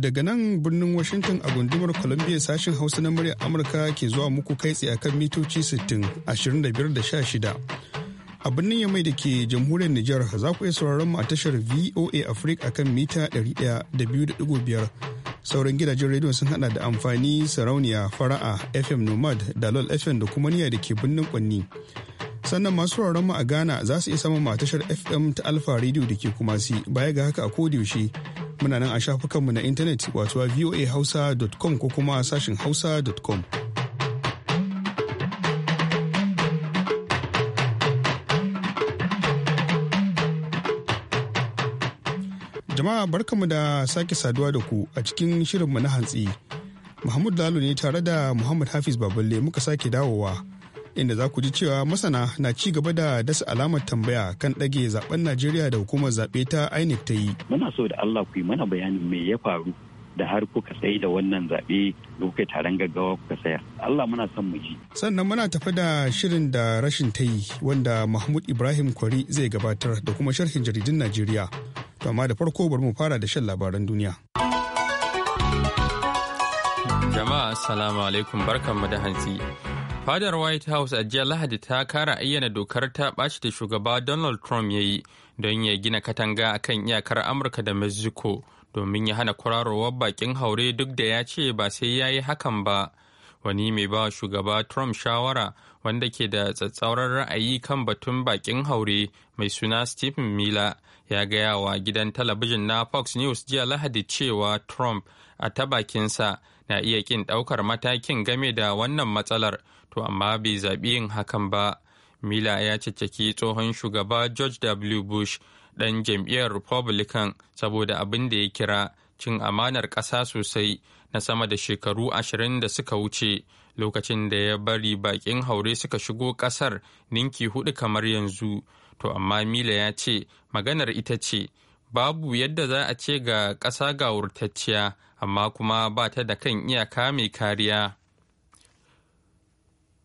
daga nan birnin Washington a gundumar Columbia sashen Hausa na muryar Amurka ke zuwa muku kai tsaye akan mitoci 60, 25 da 16. A birnin Yamai da ke jamhuriyar Nijar za ku iya sauraron mu a tashar VOA Africa akan mita 100.5. Sauran gidajen rediyo sun hada da amfani sarauniya fara'a FM Nomad, Dalol FM da kuma niyya da ke birnin Kwanni. sannan masu sauraron mu a Ghana za su iya a tashar FM ta Alfa Radio da ke kumasi baya ga haka a yaushe muna nan a shafukanmu na intanet wato a voahausa.com ko kuma sashin hausa.com. Jama'a barkamu da sake saduwa da ku a cikin shirinmu na hantsi. Muhammadu Lalo ne tare da Muhammad Hafiz Baballe muka sake dawowa. inda za ku ji cewa masana na ci gaba da dasa alamar tambaya kan ɗage zaben Najeriya da hukumar zaɓe ta INEC ta yi. Muna so da Allah ku yi mana bayanin me ya faru da har kuka tsaye da wannan zaɓe da kuka taron gaggawa kuka saya. Allah muna son mu ji. Sannan muna tafi da shirin da rashin ta yi wanda Mahmud Ibrahim Kwari zai gabatar da kuma sharhin jaridun Najeriya. To amma da farko bari mu fara da shan labaran duniya. Jama'a assalamu alaikum barkanmu da hantsi. fadar white house a jiya lahadi ta kara ayyana dokar ta ɓaci da shugaba donald trump ya yi don ya gina katanga a kan iyakar amurka da mexico domin ya hana kurarowar bakin haure duk da ya ce ba sai ya yi hakan ba wani mai ba shugaba trump shawara wanda ke da tsatsauran ra'ayi kan batun bakin haure mai suna stephen miller ya gaya wa gidan talabijin na fox news jiya lahadi cewa trump a ta bakinsa na iya kin ɗaukar matakin game da wannan matsalar to amma bai zaɓi yin hakan ba mila ya caccaki tsohon shugaba george w bush ɗan jam'iyyar republican saboda abin da ya kira cin amanar ƙasa sosai na sama da shekaru ashirin da suka wuce lokacin da ya bari baƙin haure suka shigo ƙasar ninki hudu kamar yanzu to amma mila ya ce maganar ita ce babu yadda za a ce ga ƙasa ga wurtacciya amma kuma ba ta da kan iyaka mai kariya.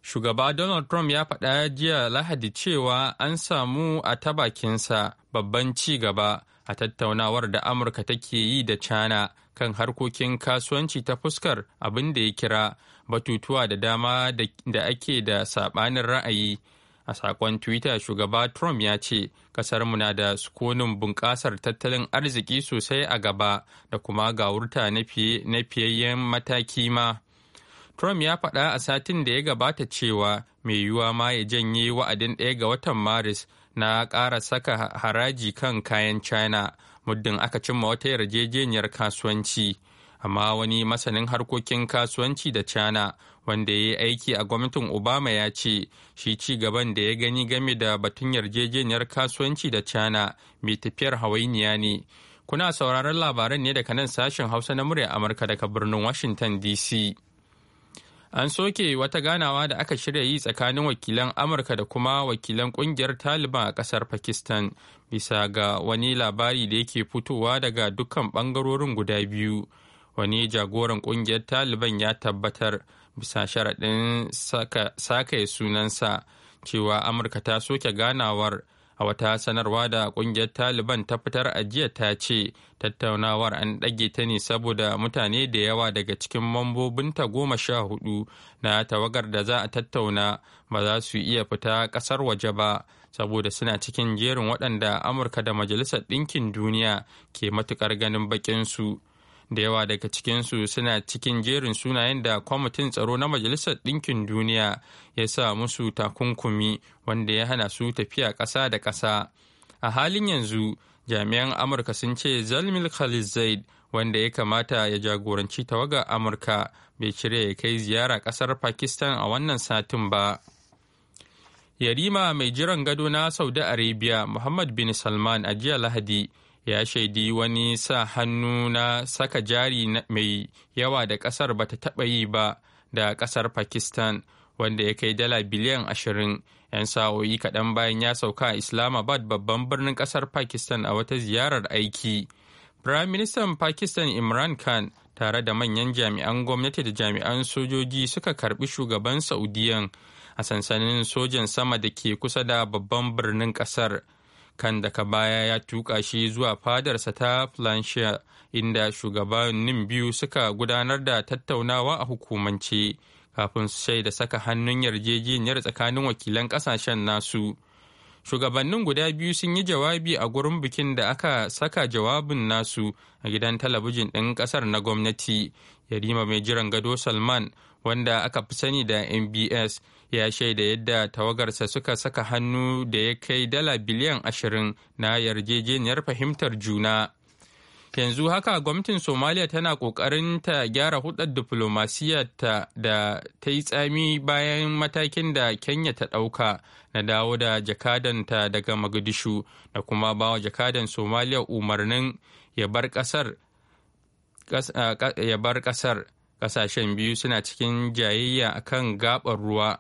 Shugaba Donald Trump ya faɗa jiya Lahadi cewa an samu a ta bakinsa babban ci gaba a tattaunawar da Amurka take yi da China kan harkokin kasuwanci ta fuskar abin da ya kira batutuwa da dama da ake da saɓanin ra'ayi. a sakon twitter shugaba trump ya ce kasarmu na da sukunin bunƙasar tattalin arziki sosai a gaba da kuma ga wurta na fiyayyen mataki ma trump ya faɗa a satin da ya gabata cewa mai yiwuwa ma ya janye wa'adin ɗaya ga watan maris na ƙara saka haraji kan kayan china muddin aka cimma wata yarjejeniyar kasuwanci. amma wani masanin harkokin kasuwanci da china wanda ya yi aiki a gwamnatin obama ya ce shi ci gaban da ya gani game da batun yarjejeniyar kasuwanci da china mai tafiyar hawainiya ne kuna sauraron labaran ne daga nan sashen hausa na murya amurka daga birnin washington dc an soke wata ganawa da aka shirya yi tsakanin wakilan amurka da kuma wakilan kungiyar taliban a kasar pakistan bisa ga wani labari da yake fitowa daga dukkan bangarorin guda biyu wani jagoran kungiyar taliban ya tabbatar bisa sharaɗin sakaye sunansa cewa amurka ta soke ganawar a wata sanarwa da kungiyar taliban ta fitar ajiya ta ce tattaunawar an ɗage ta ne saboda mutane da yawa daga cikin mambobin ta goma sha hudu na tawagar da za a tattauna ba za su iya fita ƙasar waje ba saboda suna cikin jerin waɗanda amurka da majalisar ɗinkin duniya ke matuƙar ganin baƙinsu su da yawa daga cikinsu suna cikin jerin sunayen da kwamitin tsaro na majalisar ɗinkin duniya ya sa musu takunkumi wanda ya hana su tafiya ƙasa da ƙasa a halin yanzu jami'an amurka sun ce zalmil khalid zaid wanda ya kamata ya jagoranci tawagar amurka bai cire ya kai ziyara ƙasar pakistan a wannan satin ba yarima mai jiran gado na saudi arabia muhammad bin salman a jiya lahadi ya shaidi wani sa hannu na saka jari mai yawa da kasar ba ta taɓa yi ba da kasar pakistan wanda ya kai dala biliyan ashirin 'yan sa'o'i kaɗan bayan ya sauka a islamabad babban birnin kasar pakistan a wata ziyarar aiki prime minister pakistan imran khan tare da manyan jami'an gwamnati da jami'an sojoji suka karbi shugaban saudiyan a sansanin sojan sama da ke kusa da babban birnin kasar kan daga baya ya tuka shi zuwa fadarsa ta Plancia inda shugabannin biyu suka gudanar da tattaunawa a hukumance kafin su shaida saka hannun yarjejeniyar tsakanin wakilan kasashen nasu. Shugabannin guda biyu sun yi jawabi a gurin bikin da aka saka jawabin nasu a gidan talabijin ɗin ƙasar na gwamnati. Yarima mai jiran gado Salman wanda aka fi sani da MBS ya shaida yadda tawagarsa suka saka hannu da ya kai dala biliyan ashirin na yarjejeniyar fahimtar juna yanzu haka gwamnatin somaliya tana kokarin ta gyara hudar ta da ta yi tsami bayan matakin da kenya ta dauka na dawo da jakadanta daga magadishu da kuma bawa jakadan somaliya umarnin ya bar kasar kasashen biyu suna cikin jayayya akan gabar ruwa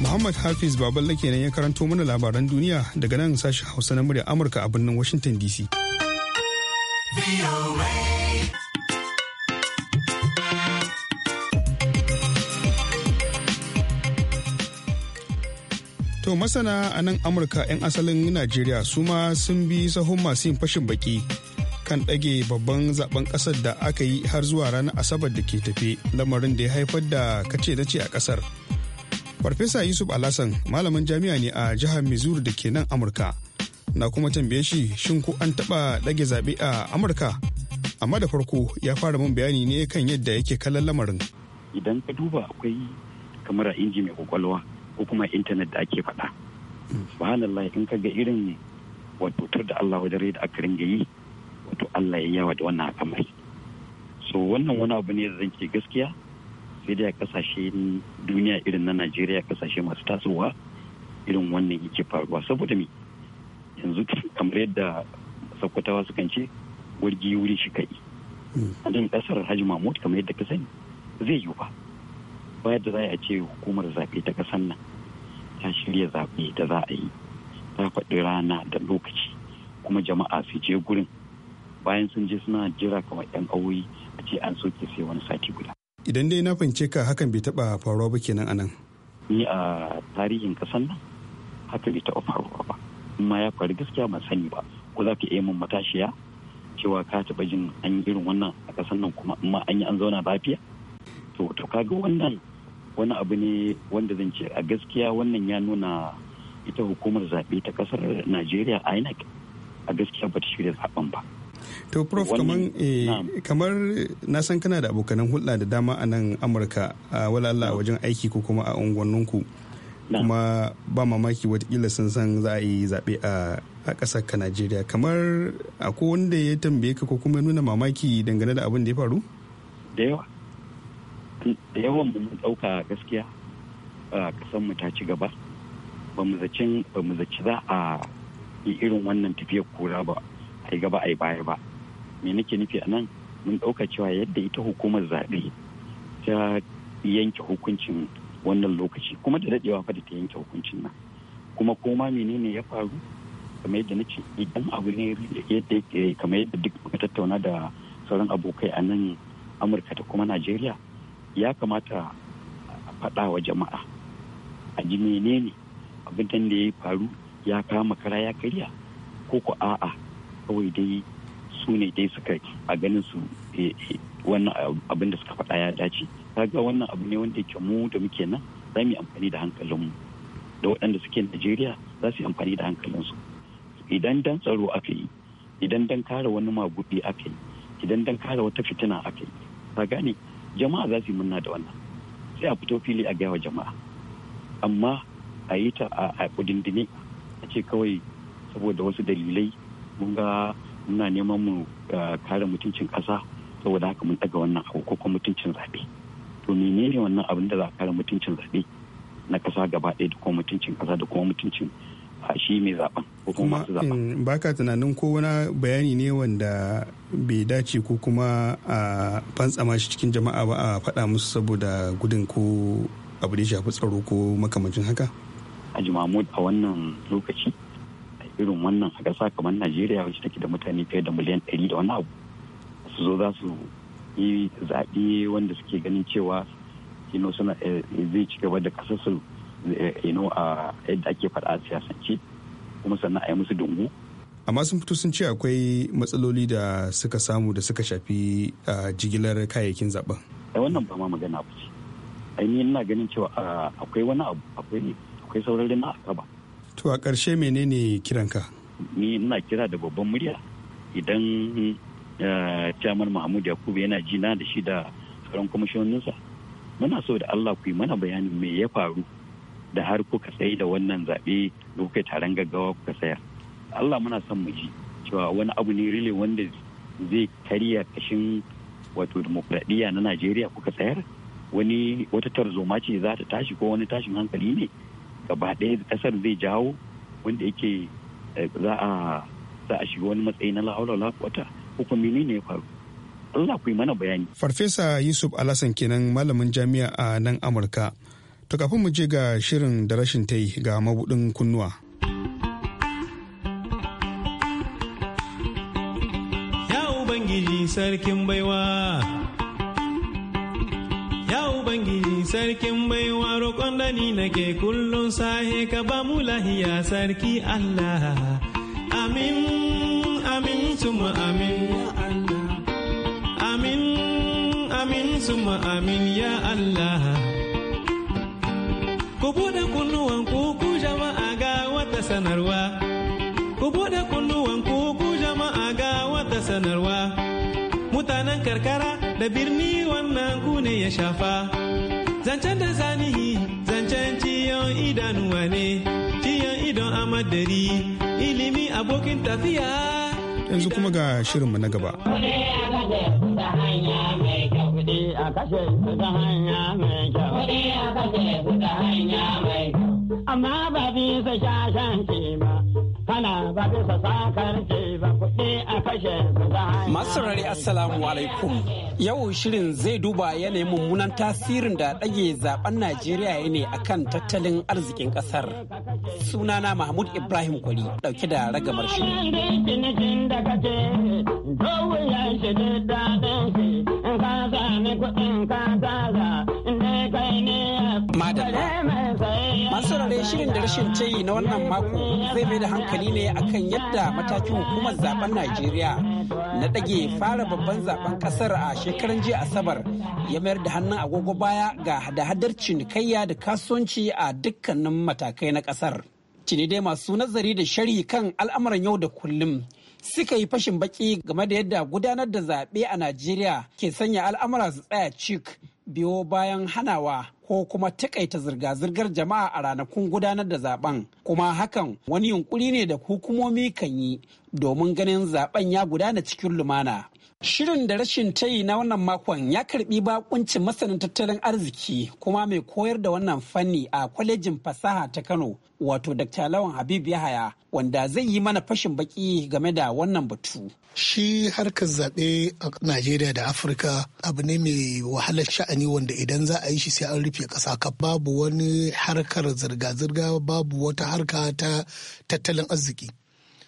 Muhammad Hafiz Baballe kenan ya karanto mana labaran duniya daga nan sashen Hausa na murya Amurka a birnin Washington DC. To masana a nan Amurka 'yan asalin Najeriya su ma sun bi sahun masu yin fashin baki kan ɗage babban zaben ƙasar da aka yi har zuwa ranar Asabar da ke tafe lamarin da ya haifar da kace-dace a ƙasar. farfesa yusuf alasan malamin jami'a ne a jihar missouri da ke nan amurka na kuma tambaye shi shin ko an taɓa ɗage zaɓe a amurka amma da farko ya fara min bayani ne kan yadda yake kallon lamarin idan ka duba akwai kamar a inji mai kwakwalwa ko kuma intanet da ake faɗa subhanallah in ka ga irin wato tur da Allah wajen da aka ringa yi wato Allah ya yawa da wannan kamar. so wannan wani abu ne da zan ce gaskiya sai kasashe duniya irin na najeriya kasashe masu tasowa irin wannan yake faruwa saboda me yanzu kamar yadda sakkwatawa su ce wargi wuri shi kai hmm. a kasar hajji mahmud kamar yadda ka sani zai yiwu ba ba da za a ce hukumar zaɓe ta ƙasar nan ta shirya zaɓe da za a yi ta faɗi rana da lokaci kuma jama'a su je gurin bayan sun je suna jira kamar 'yan awoyi a ce an soke sai wani sati guda idan dai na fahimce ka hakan bai taba faruwa ba kenan anan ni a tarihin kasan nan haka bai taba faruwa ba amma ya faru gaskiya ban sani ba ko za ka iya mun matashiya cewa ka taba jin an yi irin wannan a kasan nan kuma amma an yi an zauna lafiya to to kaga wannan wani abu ne wanda zan ce a gaskiya wannan ya nuna ita hukumar zaɓe ta ƙasar najeriya inec a gaskiya ba ta shirya zaɓen ba to prof eh, kamar na san kana da abokanan hulɗa da dama a nan amurka a walala a wajen aiki ko kuma a unguwanninku kuma ba mamaki watakila sun san za a yi zaɓe a ƙasar ka najeriya kamar akwai wanda ya tambaye ka ko kuma nuna mamaki dangane da abin da ya faru da yawa da yawan mu ɗauka gaskiya a mu ta ci gaba ba mu zaci za a yi irin wannan tafiyar kura ba ta yi gaba a yi baya ba me nake nufi a nan mun ɗauka cewa yadda ita hukumar zaɓe ta yanke hukuncin wannan lokaci kuma da daɗewa fa da ta yanke hukuncin nan kuma koma menene ya faru kamar yadda na idan abu ne yadda kamar yadda duk muka tattauna da sauran abokai a nan amurka da kuma najeriya ya kamata a faɗa wa jama'a a ji menene abin da ya faru ya kama kara ya karya ko ko a'a kawai dai su ne dai suka a ganin su eh, eh, wannan abin da suka faɗa ya dace kaga wannan abu ne wanda ke mu da muke nan za mu yi amfani da hankalinmu da waɗanda suke najeriya za su yi amfani da hankalinsu idan dan tsaro aka yi idan dan kare wani magudi aka yi idan dan kare wata fitina aka yi ka gane jama'a za su yi murna da wannan sai a fito fili a gaya wa jama'a amma a yi ta a kudindine a ce kawai saboda wasu dalilai mun ga muna neman mu eh, kare mutuncin kasa saboda haka mun daga wannan abu ko kuma mutuncin zaɓe to menene wannan abin da za a kare mutuncin zaɓe na kasa gaba ɗaya da kuma mutuncin kasa da kuma mutuncin ah, shi mai zaɓen ko kuma masu zaɓen mm, ba ka tunanin ko wani bayani ne wanda bai dace ko kuma a fantsama shi cikin jama'a ba a faɗa musu saboda gudun ko abu da shafi tsaro ko makamancin haka? a jimamud a wannan lokaci irin wannan a ƙasa kamar najeriya wacce take da mutane fiye da miliyan ɗari da wani abu su zo za su yi zaɓi wanda suke ganin cewa ino suna eh, zai ci gaba da ƙasa su ino eh, a yadda ake faɗa a siyasance kuma sannan a yi musu dungu amma sun fito sun ce akwai matsaloli da suka samu da suka shafi jigilar kayayyakin zaben eh, wannan ba ma magana ba ce ainihin na ganin cewa akwai wani abu akwai sauran na akaba to a ƙarshe menene kiranka ni ina kira da babban murya idan eh, chairman mahmud yakubu yana jina da shi da sauran kwamishoninsa muna so da allah ku yi mana bayanin me ya faru da har kuka tsaye da wannan zaɓe da kuka taron gaggawa kuka tsaya. allah muna son mu ji cewa wani abu ne rile wanda zai karya kashin wato demokradiyya na najeriya kuka tsayar wani wata tarzoma ce za ta tashi ko wani tashin hankali ne gaba ɗaya da ƙasar zai jawo wanda yake eh, za a za a shiga wani matsayi na la'aula la'akwata hukumi ne ya faru Allah ku yi mana bayani. Farfesa Yusuf Alasan kenan malamin jami'a a nan Amurka. To kafin mu je ga shirin da rashin ta yi ga mabudin kunnuwa. Ya Ubangiji sarkin baiwa. ubangiji sarkin baiwa roƙon dani nake kullum sahe ka ba mu lahiya sarki Allah amin amin suma amin Allah amin amin suma amin ya Allah ku bude kunnuwan ku ku jama'a ga wata sanarwa ku buɗe kunnuwan ku ku jama'a ga wata sanarwa mutanen karkara da birni wannan ku ne ya shafa zancen da zanihi zancen ciyon idanuwa ne ciyon idon amadari ilimi abokin tafiya yanzu kuma ga shirinmu na gaba amma ba bisa ke ba kana ba bisa a kashe su Masu saurari Assalamu alaikum. Yau shirin zai duba yanayin mummunan tasirin da ɗage zaben Najeriya ya ne akan tattalin arzikin ƙasar. Sunana Mahmud Ibrahim Kwari ɗauke da ragamar shirin. Madalla. masu saurare shirin da rashin tayi na wannan mako zai mai da hankali ne akan yadda matakin hukumar zaben najeriya na ɗage fara babban zaben ƙasar a shekaran jiya asabar ya mayar da hannun agogo baya ga hada-hadar cinikayya da kasuwanci a dukkanin matakai na ƙasar cini dai masu nazari da shari kan al'amuran yau da kullum suka yi fashin baki game da yadda gudanar da zaɓe a najeriya ke sanya al'amura su tsaya cik biyo bayan hanawa ko kuma takaita zirga-zirgar jama'a a ranakun gudanar da zaben kuma hakan wani yunkuri ne da hukumomi kan yi domin ganin zaben ya gudana cikin lumana Shirin da rashin tayi na wannan makon ya karbi bakuncin masanin tattalin arziki kuma mai koyar da wannan fanni a kwalejin fasaha ta Kano wato Dr. Lawan Habib Yahaya wanda zai yi mana fashin baki game da wannan batu. Shi harkar zaɓe a Najeriya da Afirka abu ne mai wahalar sha'ani wanda idan za a yi shi sai an rufe ƙasa ka babu wani harkar zirga-zirga babu wata harka ta tattalin arziki.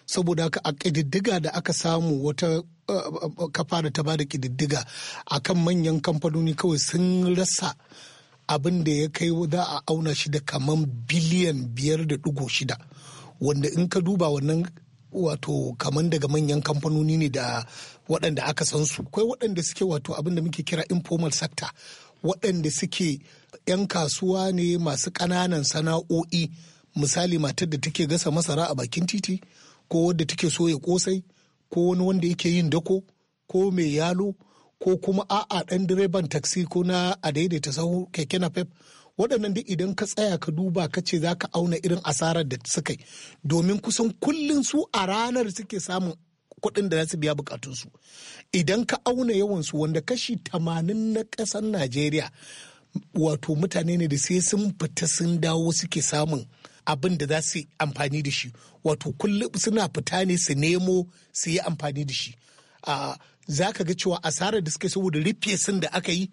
saboda haka a ƙididdiga da aka samu wata Uh, kafa da ta ba da ƙididdiga kan manyan kamfanoni kawai sun rasa abin da ya kai za a auna shi da kaman biliyan biyar da dugo shida wanda in ka duba wannan wato kaman daga manyan kamfanoni ne da waɗanda aka san su kwai waɗanda suke wato abin da muke kira informal sector waɗanda suke 'yan kasuwa ne masu ƙananan sana'o'i misali matar da take gasa masara a bakin titi ko wadda take soya kosai ko wani wanda yake yin dako ko mai yalo ko kuma a'a ɗan direban taxi ko na a daidaita sahu keke napep waɗannan duk idan ka tsaya ka duba ka ce za ka auna irin asarar da suka yi domin kusan kullum su a ranar suke samun kuɗin da za su biya bukatunsu idan ka auna yawansu wanda kashi tamanin na ƙasar najeriya wato mutane ne da sai sun fita sun dawo suke samun abin da za su amfani da shi wato kullum suna fita ne su nemo su yi amfani da shi za ka ga cewa asarar da suka saboda rufe sun da aka yi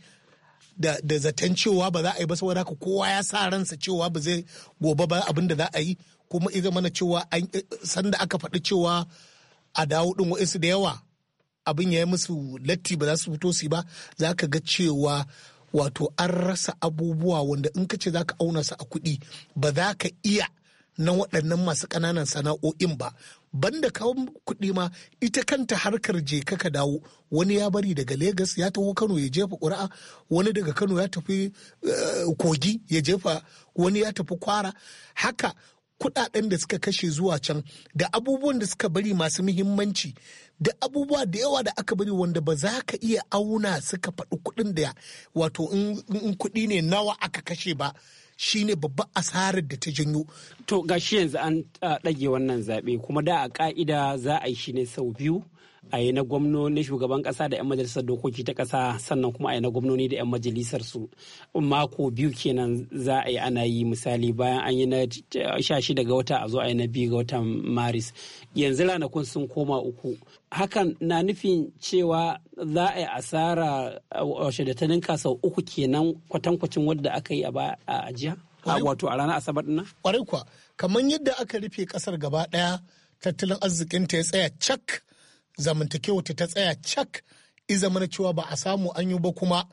da zaton cewa ba za a yi ba saboda haka kowa ya sa ransa cewa ba zai gobe ba abin da za a yi kuma iza mana cewa eh, sanda aka faɗi cewa a dawo ɗin wa'insu da yawa abin ya yi musu latti ba za su fito su ba za ka ga cewa wato an rasa abubuwa wanda in ka ce za ka auna su a kuɗi ba za ka iya na waɗannan masu ƙananan sana'o'in ba banda kawo kuɗi ma ita kanta harkar je ka dawo wani ya bari daga Legas ya taho Kano ya jefa ƙuri'a wani daga Kano ya tafi eh, kogi ya jefa wani ya tafi kwara haka kudaden da suka kashe zuwa can da abubuwan da suka bari masu muhimmanci da abubuwa da yawa da aka bari wanda ba za ka iya auna suka faɗi kuɗin da wato in kuɗi ne nawa aka kashe ba shi ne babban asarar da ta janyo. To gashi yanzu an ɗage wannan zaɓe kuma da a ƙa'ida za a yi shi ne sau biyu a yi na gwamnoni shugaban kasa da 'yan majalisar dokoki ta kasa sannan kuma a yi na gwamnoni da 'yan majalisar su mako biyu kenan za a yi ana yi misali bayan an yi na sha shida ga wata a zo a yi na biyu ga watan maris yanzu ranakun sun koma uku hakan na nufin cewa za a yi asara shadatanin sau uku kenan kwatankwacin wadda aka yi a jiya wato a ranar asabar dinnan kwarai kuwa kamar yadda aka rufe kasar gaba daya tattalin arzikinta ya tsaya cak zamantakewa ta tsaya cak izamana cewa ba a samu an yi ba kuma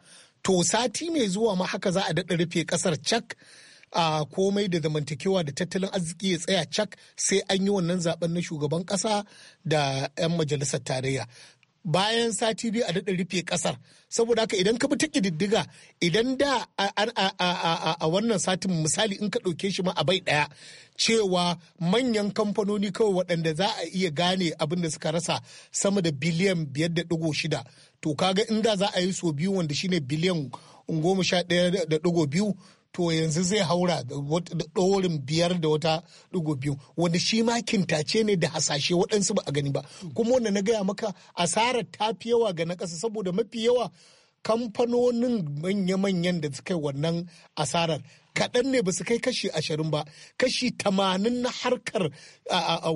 to sati mai zuwa ma haka za a daɗa rufe ƙasar cak a komai da zamantakewa da tattalin arziki ya tsaya cak sai an yi wannan zaben na shugaban ƙasa da 'yan majalisar tarayya bayan sati biyu a daɗin rufe ƙasar saboda haka idan ka bi ta ƙididdiga idan da a wannan satin misali in ka ɗauke shi ma a bai ɗaya cewa manyan kamfanoni kawai waɗanda za a iya gane abin da suka rasa sama da biliyan biyar da ɗigo shida to kaga inda za a yi so biyu wanda shine biliyan goma sha ɗaya da ɗigo biyu to yanzu zai haura da ɗorin biyar da wata ɗigo biyu wanda shi ma kintace ne da hasashe waɗansu ba a gani ba kuma wanda na gaya maka asarar ta fi yawa ga na ƙasa saboda mafi yawa kamfanonin manya-manyan da suka yi wannan asarar kaɗan ne ba su kai kashi ashirin ba kashi tamanin na harkar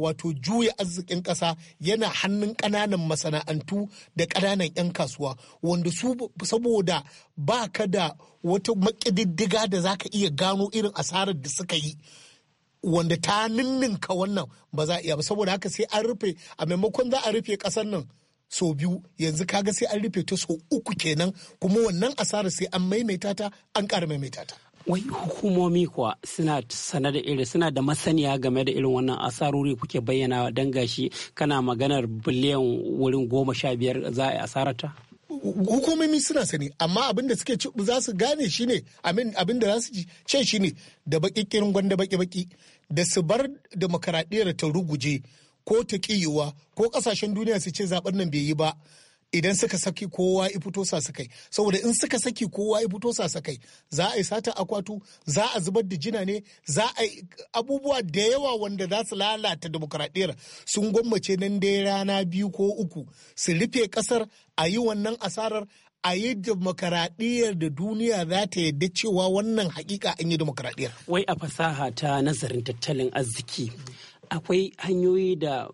wato juya arzikin ƙasa yana hannun ƙananan masana'antu da ƙananan 'yan kasuwa wanda su saboda ba ka da wata makididdiga da za ka iya gano irin asarar da suka yi wanda ta ninninka wannan ba za a iya ba saboda haka sai an rufe a maimakon za a rufe ƙasar nan sau biyu yanzu kaga sai an rufe ta sau uku kenan kuma wannan asarar sai an maimaita ta an ƙara maimaita ta wai hukumomi kuwa suna sana da irin suna da masaniya game da irin wannan asarori kuke bayyana don gashi kana maganar biliyan wurin goma sha biyar za a asarata? hukumomi suna sani amma abin da suke za su gane shine abin da za su ce shine da bakikirin gwanda baki-baki da su bar demokaradiyyar ta ruguje ko ta ƙiyuwa ko ƙasashen duniya su ce zaɓen nan bai yi ba idan suka saki kowa ya fito sasakai saboda in suka saki kowa ya fito sasakai za a yi sata akwatu za a zubar da jina ne za a yi abubuwa da yawa wanda za su lalata demokradiyyar sun gwammace nan dai rana biyu ko uku su rufe kasar a yi wannan asarar a yi demokaradiyyar da duniya za ta yadda cewa wannan hakika an yi demokaradiyyar. Wai a fasaha ta nazarin tattalin arziki akwai hanyoyi da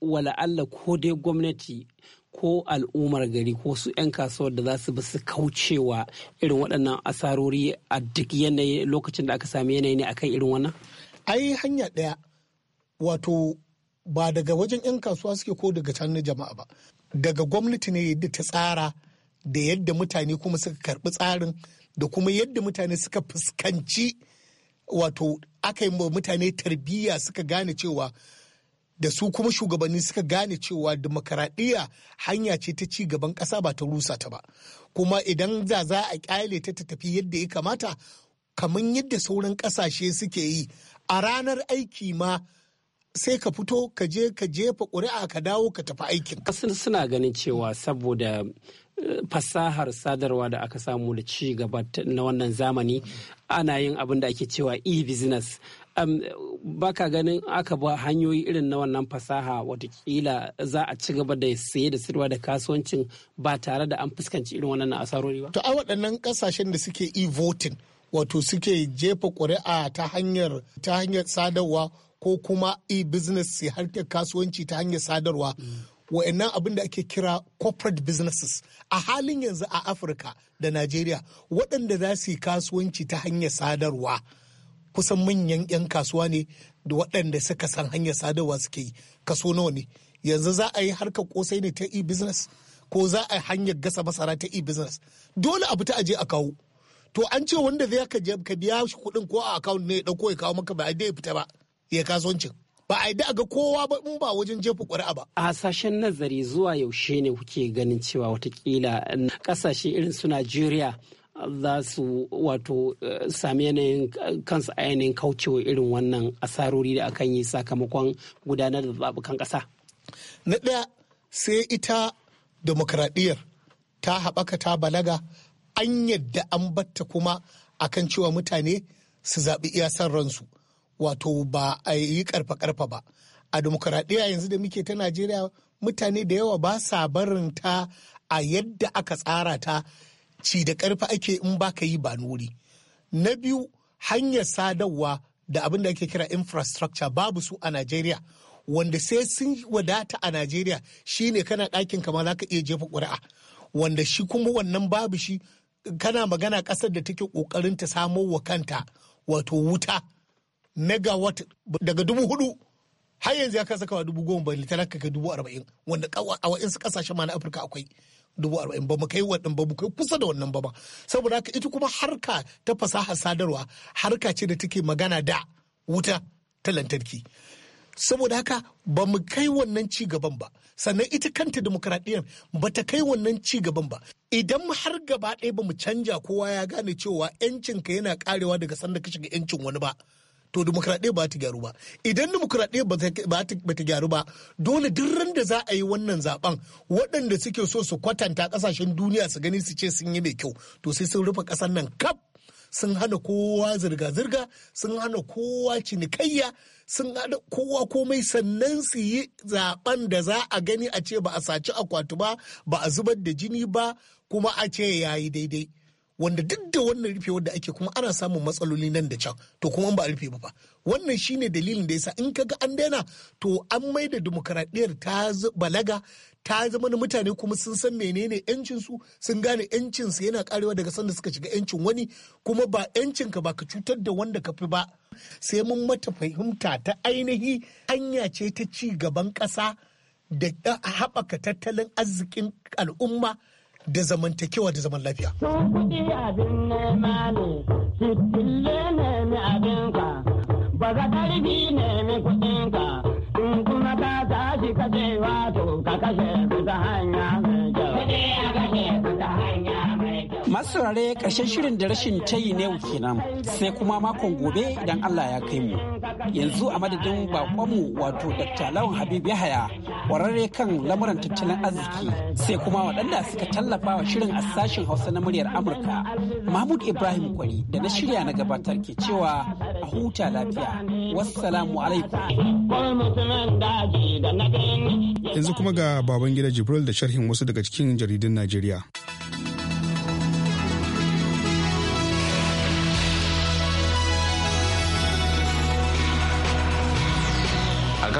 wala'alla ko dai gwamnati ko al'ummar gari ko su 'yan kasuwar da za su bi su kaucewa irin waɗannan asarori a duk yanayi lokacin da aka sami yanayi ne akan irin wannan? ai hanya ɗaya wato ba daga wajen 'yan kasuwa suke ko daga can jama'a ba daga gwamnati ne yadda ta tsara da yadda mutane kuma suka karbi tsarin da kuma yadda mutane suka fuskanci wato aka yi mutane tarbiyya suka gane cewa da su kuma shugabanni suka gane cewa demokaradiyya hanya ce ta ci gaban ƙasa ba ta rusa ta ba kuma idan za za a ƙyale ta ta tafi yadda ya kamata kamar yadda sauran ƙasashe suke yi a ranar aiki ma sai ka fito ka je ka jefa ƙuri'a ka dawo ka tafi aikin. Kasan suna ganin cewa saboda eh, fasahar sadarwa da aka samu da ci gaba na wannan zamani ana yin abin da ake cewa e-business baka ganin aka ba hanyoyi irin na wannan fasaha watakila za a ci gaba da saye da sirwa da kasuwancin ba tare da an fuskanci irin wannan asarori ba. To a waɗannan ƙasashen da suke e-voting wato suke jefa ƙuri'a ta hanyar ta hanyar sadarwa ko kuma e-business su harkar kasuwanci ta hanyar sadarwa. wa'annan abin da ake kira corporate businesses a halin yanzu a afirka da najeriya waɗanda za su yi kasuwanci ta hanyar sadarwa kusan manyan 'yan kasuwa ne da waɗanda suka san hanyar sadarwa suke yi kaso nawa ne yanzu za a yi harkar kosai ne ta e-business ko za a yi hanyar gasa masara ta e-business dole abu ta aje a kawo to an ce wanda zai ka ka biya shi kuɗin ko a account ne ya ɗauko ya kawo maka ba a ya fita ba ya kasuwancin ba a yadda ga kowa ba in ba wajen jefa ƙuri'a ba. A hasashen nazari zuwa yaushe ne kuke ganin cewa watakila mm, ƙasashe irin su Najeriya za su wato eh, sami yanayin kansu a yanayin kaucewa irin wannan asarori da akan yi sakamakon gudanar da zaɓukan ƙasa. Na ɗaya sai ita demokradiyyar ta haɓaka ta balaga an yadda an batta kuma akan cewa mutane su zaɓi iyasan ransu wato ba a yi karfa-karfa ba. A demokradiyya yanzu da muke ta Najeriya mutane da yawa ba sa barin ta a yadda aka tsara ta ci da karfi ake in baka yi ba nuri. na biyu hanyar sadarwa da abin da ake kira infrastructure babu su a najeriya wanda sai sun wadata a najeriya shine kana ɗakin kama za ka iya jefa ƙuri'a wanda shi kuma wannan babu shi kana magana ƙasar da take ƙoƙarin ta samo wa kanta wato wuta megawatt daga dubu hudu har yanzu ya kasa kawa dubu goma bali talaka ka dubu arba'in wanda a wa'insu ƙasashen ma na afirka akwai dubu arba'in ba mu kai waɗin ba mu kai kusa da wannan ba ba saboda haka ita kuma harka ta fasaha sadarwa harka ce da take magana da wuta ta lantarki saboda haka ba mu kai wannan ci gaban ba sannan ita kanta demokradiyyar ba ta kai wannan ci gaban ba idan har gaba ɗaya ba mu canja kowa ya gane cewa 'yancinka yana karewa daga sanda ka shiga 'yancin wani ba to demokradiyya ba ta gyaru ba idan demokradiyya ba ta gyaru ba dole duk ran da za a yi wannan zaben waɗanda suke so su kwatanta ƙasashen duniya su gani su ce sun yi mai kyau to sai sun rufe ƙasar nan kaf sun hana kowa zirga-zirga sun hana kowa cinikayya sun hana kowa komai sannan su yi zaben da za a gani a ce ba a saci akwatu ba ba a zubar da jini ba kuma a ce yayi daidai wanda duk da wannan rufe wanda ake kuma ana samun matsaloli nan da can to kuma ba a rufe ba wannan shine dalilin da yasa in kaga an daina to an mai da ta balaga ta zama na mutane kuma sun san menene yancin su sun gane yancinsu yana karewa daga sanda suka shiga yancin wani kuma ba yancin ka ba ka cutar da wanda ka fi ba sai mun mata fahimta ta ainihi hanya ce ta ci gaban kasa da haɓaka tattalin arzikin al'umma da zamantakewa da zaman lafiya. Sun kuɗi abin nema ne, saurare karshen shirin da rashin tayi ne kenan sai kuma makon gobe idan Allah ya kai mu. Yanzu a madadin bakonmu wato Dr. Lawan Habib Yahaya kwararre kan lamuran tattalin arziki sai kuma waɗanda suka tallafa wa shirin a sashen Hausa na muryar Amurka. Mahmud Ibrahim Kwari da na shirya na gabatar ke cewa a huta lafiya. Wassalamu alaikum. Yanzu kuma ga baban gida Jibril da sharhin wasu daga cikin jaridun Najeriya.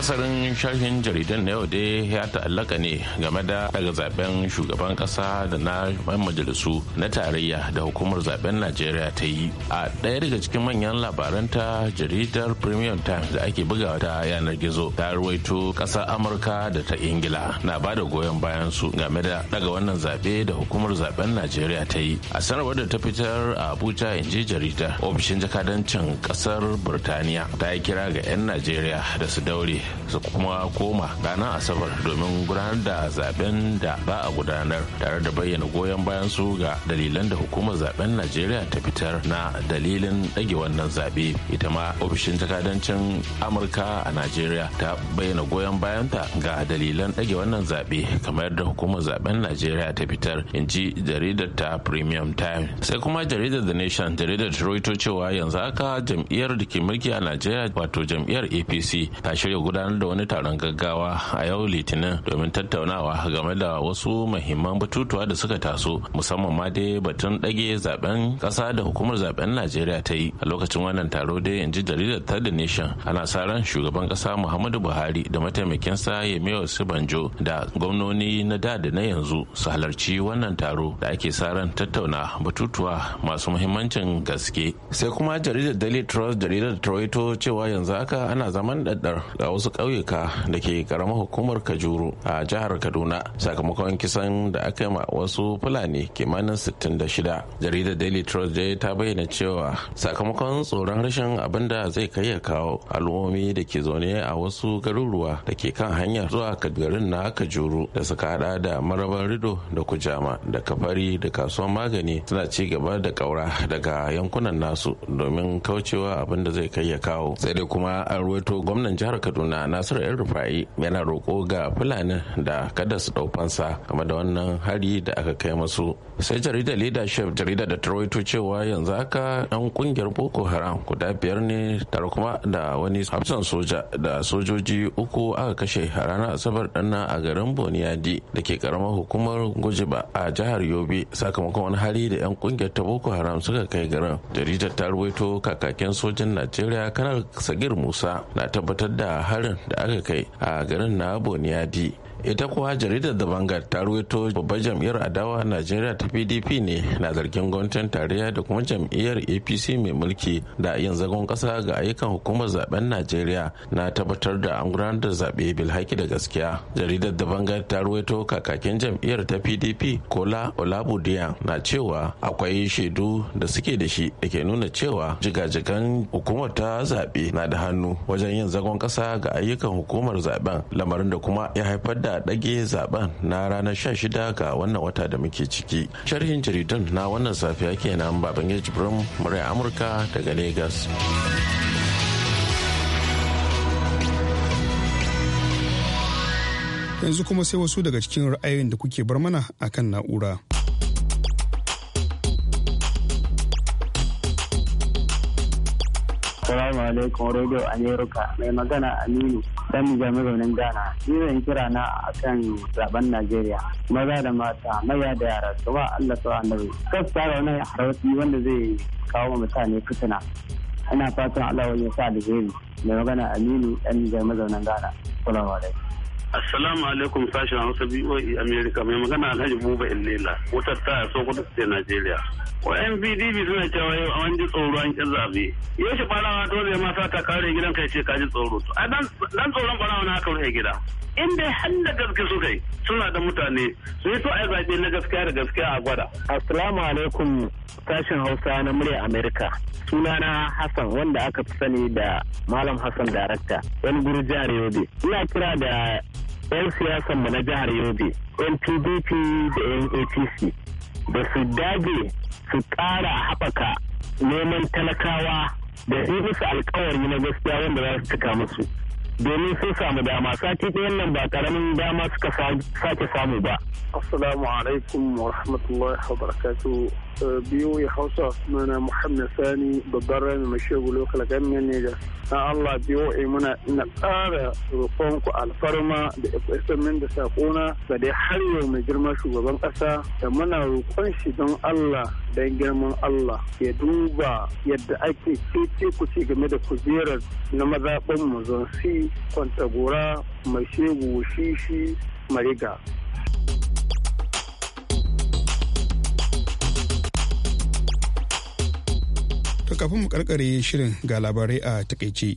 akasarin shashin jaridan na yau dai ya ta'allaka ne game da daga zaben shugaban kasa da na yan majalisu na tarayya da hukumar zaben najeriya ta yi a ɗaya daga cikin manyan labaranta jaridar premium times da ake bugawa ta yanar gizo ta ruwaito ƙasar amurka da ta ingila na ba da goyon bayan su game da daga wannan zaɓe da hukumar zaben najeriya ta yi a sanarwar da ta fitar a abuja in ji jarida ofishin jakadancin ƙasar birtaniya ta yi kira ga 'yan najeriya da su daure su kuma koma ranar asabar domin gudanar da zaben da ba a gudanar tare da bayyana goyon bayan su ga dalilan da hukumar zaben najeriya ta fitar na dalilin ɗage wannan zabe ita ma ofishin takadancin amurka a najeriya ta bayyana goyon bayanta ga dalilan ɗage wannan zabe kamar da hukumar zaben najeriya ta fitar in ji jaridar ta premium time sai kuma jaridar the nation jaridar ta cewa yanzu haka jam'iyyar da ke mulki a najeriya wato jam'iyyar apc ta shirya gudanar gudanar da wani taron gaggawa a yau litinin domin tattaunawa game da wasu mahimman batutuwa da suka taso musamman ma dai batun dage zaben kasa da hukumar zaben najeriya ta yi a lokacin wannan taro dai in ji jaridar ta nation ana sa ran shugaban kasa muhammadu buhari da mataimakinsa yemiyo sibanjo da gwamnoni na da da na yanzu su halarci wannan taro da ake sa ran tattauna batutuwa masu muhimmancin gaske sai kuma jaridar daily trust jaridar troito cewa yanzu haka ana zaman daddar ga wasu ƙauyuka da ke karamar hukumar kajuru a jihar kaduna sakamakon kisan da aka yi ma wasu fulani kimanin 66 jaridar daily trust dai ta bayyana cewa sakamakon tsoron rashin abin da zai kai ya kawo al'ummomi da ke zaune a wasu garuruwa da ke kan hanyar zuwa garin na kajuru da suka hada da marabar rido da kujama da kafari da kasuwar magani suna ci gaba da kaura daga yankunan nasu domin kaucewa abin da zai kai ya kawo sai dai kuma an ruwaito gwamnan jihar kaduna na nasiru yan rufa'i yana roƙo ga fulani da kada su ɗaufansa game da wannan hari da aka kai masu sai jaridar leadership jaridar da tarwaito cewa yanzu haka yan ƙungiyar boko haram guda biyar ne tare kuma da wani hafsan soja da sojoji uku aka kashe a ranar asabar ɗanna a garin boniyadi da ke karamar hukumar gujiba a jihar yobe sakamakon wani hari da yan ƙungiyar ta boko haram suka kai garin jaridar ta ruwaito kakakin sojan najeriya kanar sagir musa na tabbatar da har harin da aka kai a garin na boniyadi ita kuwa jaridar da bangar ta ruwaito babbar jam'iyyar adawa najeriya ta pdp ne na zargin gwamnatin tarayya da kuma jam'iyyar apc mai mulki da yin zagon kasa ga ayyukan hukumar zaben najeriya na tabbatar da an gudanar da zaɓe bilhaki da gaskiya jaridar da bangar ta ruwaito kakakin jam'iyyar ta pdp kola olabudiya na cewa akwai shaidu da suke da shi da ke nuna cewa jigajigan hukumar ta zaɓe na da hannu wajen yin zagon kasa ga ayyukan hukumar zaben lamarin da kuma ya haifar da da ɗage zaben na ranar 16 ga wannan wata da muke ciki sharhin jaridun na wannan safiya kenan baban ya jibrin murai amurka daga legas yanzu kuma sai wasu daga cikin ra'ayoyin da kuke bar mana akan na'ura Assalamu alaikum Radio America mai magana Aminu Sami Jami Raunin Ghana. Ni zan kira na akan zaben Najeriya. Maza da mata, maya da yara, su ba Allah su annabi. Kasta da wani wanda zai kawo mutane fitina. Ana fatan Allah ya sa da yi Mai magana Aminu ɗan Jami Raunin Ghana. Assalamu alaikum. Assalamu alaikum sashen Hausa BOE Amerika mai magana Alhaji Buba Illela wutar ta so kudu ce Najeriya. Wa'yan bi suna cewa yau a wani tsoro an ƙin zaɓe. Yau shi ɓarawa dole ma sa ta kare gidan kai ce ka ji tsoro. A dan tsoron ɓarawa na aka rufe gida. In dai har da gaske su kai suna da mutane su yi to a zaɓe na gaskiya da gaskiya a gwada. Assalamu alaikum sashen Hausa na murya Amerika. Sunana Hassan wanda aka fi sani da Malam Hassan Darakta wani gurjiyar jihar Yobe. Ina kira da 'yan siyasan mu na jihar Yobe, 'yan da 'yan APC, da su dage su ƙara haɓaka neman talakawa da yi musu alkawari na gaskiya wanda za su cika musu. domin sun samu dama sati ɗayan nan ba ƙaramin dama suka sake samu ba. Assalamu alaikum wa rahmatullahi wa biyu hausa mana muhammad sani babban rami mai shegu lokal gamin niger na allah biyo a muna ina tsara roƙonku alfarma da fsm da saƙona da dai har yau mai girma shugaban ƙasa da muna roƙon shi don allah don girman allah ya duba yadda ake cece ku ci game da kujerar na mazaɓin mu zonsi kwantagora mai shegu shishi mariga To kafin mu karkare shirin ga labarai a takaice.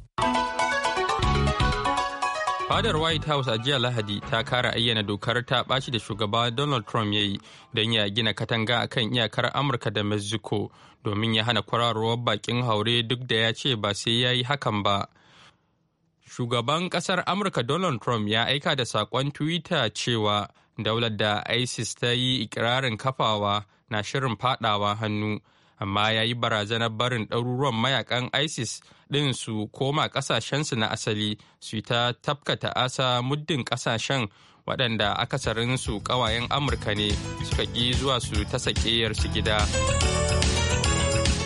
Fadar White House a jiya Lahadi ta kara ayyana dokar ta ɓaci da shugaba Donald Trump ya yi don ya gina katanga a kan iyakar Amurka da Mexico domin ya hana kwararowar bakin haure duk da ya ce ba sai ya yi hakan ba. Shugaban ƙasar Amurka Donald Trump ya aika da saƙon Twitter cewa daular da ISIS ta yi ikirarin kafawa na shirin faɗawa hannu. amma ya yi barazanar barin ɗaruruwan mayakan isis ɗin su koma ƙasashensu na asali su ta tafkata asa muddin ƙasashen waɗanda akasarin su ƙawayen amurka ne suka ƙi zuwa su ta su gida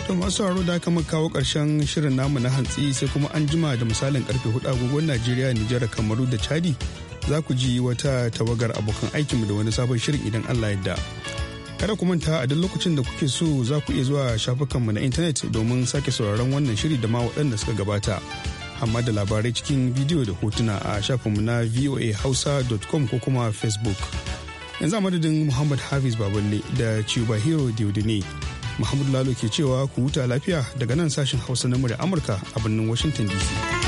to wasu haro da aka kawo ƙarshen shirin namu na hantsi sai kuma an jima da misalin karfe hudu agogon najeriya nijar kamaru da chadi za ku ji wata tawagar abokan aikinmu da wani sabon shirin idan allah yadda. Kada ku manta a duk lokacin da kuke so za ku iya zuwa shafukanmu na intanet domin sake sauraron wannan shiri da ma waɗanda suka gabata. Amma da labarai cikin bidiyo da hotuna a shafinmu na voahausa.com ko kuma Facebook. Yanzu a madadin Muhammad Hafiz Baballe da Cuba Hero Diodine. Muhammadu Lalo ke cewa ku huta lafiya daga nan sashen Hausa na murya Amurka a birnin Washington DC.